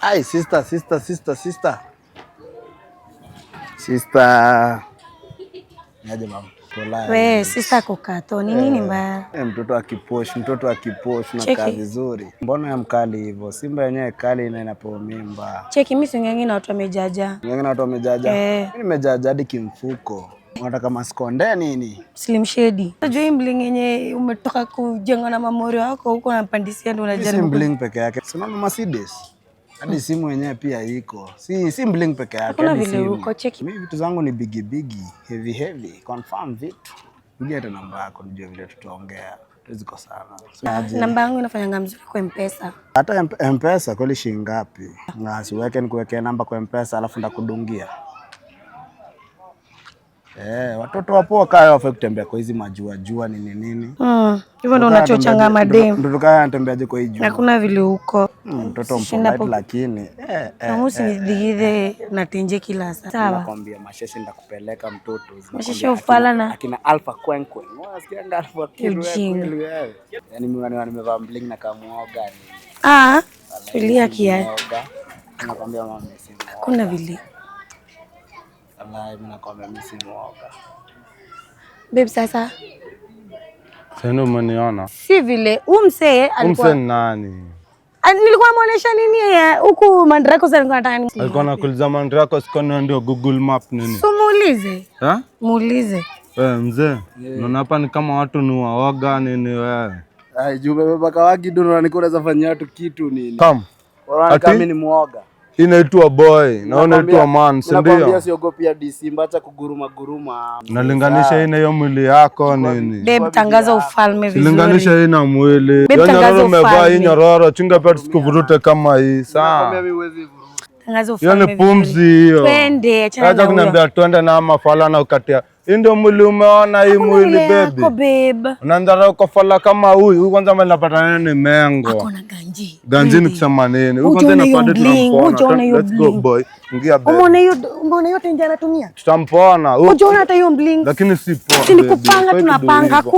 Ay, sister, sister, sister, sister. Sister. Niaje mama? We, sista kukato ni nini eh, mbaya? Eh, mtoto akiposh, mtoto akiposh na kazi vizuri. Mbona ya mkali hivyo? Simba yenyewe kali na inapewa mimba. Cheki mimi singenge na watu wamejaja. Ngenge na watu wamejaja. Eh. Mimi nimejaja hadi kimfuko. Unataka maskonde nini? Slim Shady. Unajua hii bling yenye umetoka kujenga na mamori wako huko na pandisia ndio unajaribu. Slim bling peke yake. Sema mama Mercedes. Hadi simu yenyewe pia iko, si si bling peke yake. Kuna vile uko Mimi vitu zangu ni bigi bigi, heavy heavy, confirm vitu. Pigia hata namba yako nijue vile tutaongea. Tuziko sana. Namba yangu inafanyanga mzuri kwa M-Pesa. Hata M-Pesa kweli shilingi ngapi? Na siweke nikuwekea namba kwa M-Pesa alafu ndakudungia. Eh, watoto wapo wakae wafe kutembea kwa hizi majua jua nini nini. Mm. Hivyo ndo unachochanga madem. Mtoto kaya anatembeaje kwa jua? Hakuna vile huko. Mm, mtoto po... lakini eh eh. Namusi eh, nidigide eh, eh. natenje kila saa. Sawa. Nakwambia masheshe ndakupeleka mtoto. Masheshe ufala na akina Alpha Kwenkwe. Unasikia ndio Alpha Kwenkwe. Yaani mimi nimevaa bling na kamuoga ni. Ah, tulia kiasi. Nakwambia mama. Hakuna vile. Wallahi mimi nakwambia mimi si muoga. Babe sasa. Sasa umeniona. Si vile, huyu alikuwa Msee nani? Ah, nilikuwa namuonesha nini yeye huku Mandrakos alikuwa anataka ni. Alikuwa anakuuliza Mandrakos kwani ndio Google Map nini? So muulize. Eh? Muulize. Eh, mzee, unaona hapa ni kama watu ni waoga nini wewe? Ai, juu baba kawagi ndo unanikora za watu kitu nini? Kam. kama mimi ni muoga inaitwa boy na inaitwa man, si ndio? DC, kuguruma guruma. Nalinganisha ina hiyo mwili yako nini? Babe, tangaza ufalme vizuri. Linganisha ina mwili. Nyororo umevaa hii nyororo, chinga pia tusikuvurute kama hii. Sawa kuniambia twende na mafala na ukatia. Hii ndio mwili umeona, hii mwili babe. Unaanza fala kama huyu huyu, kwanza napata nini mengo ganji, ni kusema nini? Tutampona lakini si poa, tunapanga